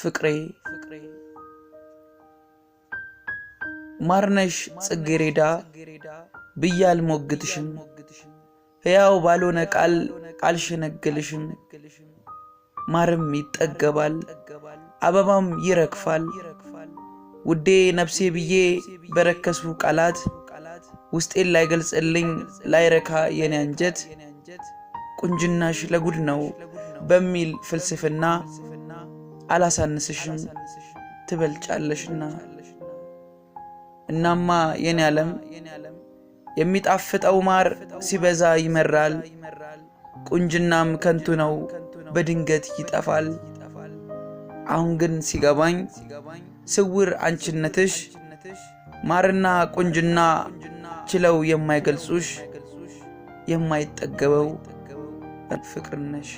ፍቅሬ ማርነሽ ጽጌሬዳ ብዬ አልሞግትሽም ሕያው ባልሆነ ቃል አልሸነግልሽም። ማርም ይጠገባል አበባም ይረግፋል። ውዴ ነፍሴ ብዬ በረከሱ ቃላት ውስጤን ላይገልጽልኝ ላይረካ የኔ አንጀት ቁንጅናሽ ለጉድ ነው በሚል ፍልስፍና አላሳንስሽም ትበልጫለሽና። እናማ የኔ ዓለም የሚጣፍጠው ማር ሲበዛ ይመራል፣ ቁንጅናም ከንቱ ነው በድንገት ይጠፋል። አሁን ግን ሲገባኝ ስውር አንችነትሽ ማርና ቁንጅና ችለው የማይገልጹሽ የማይጠገበው ፍቅርነሽ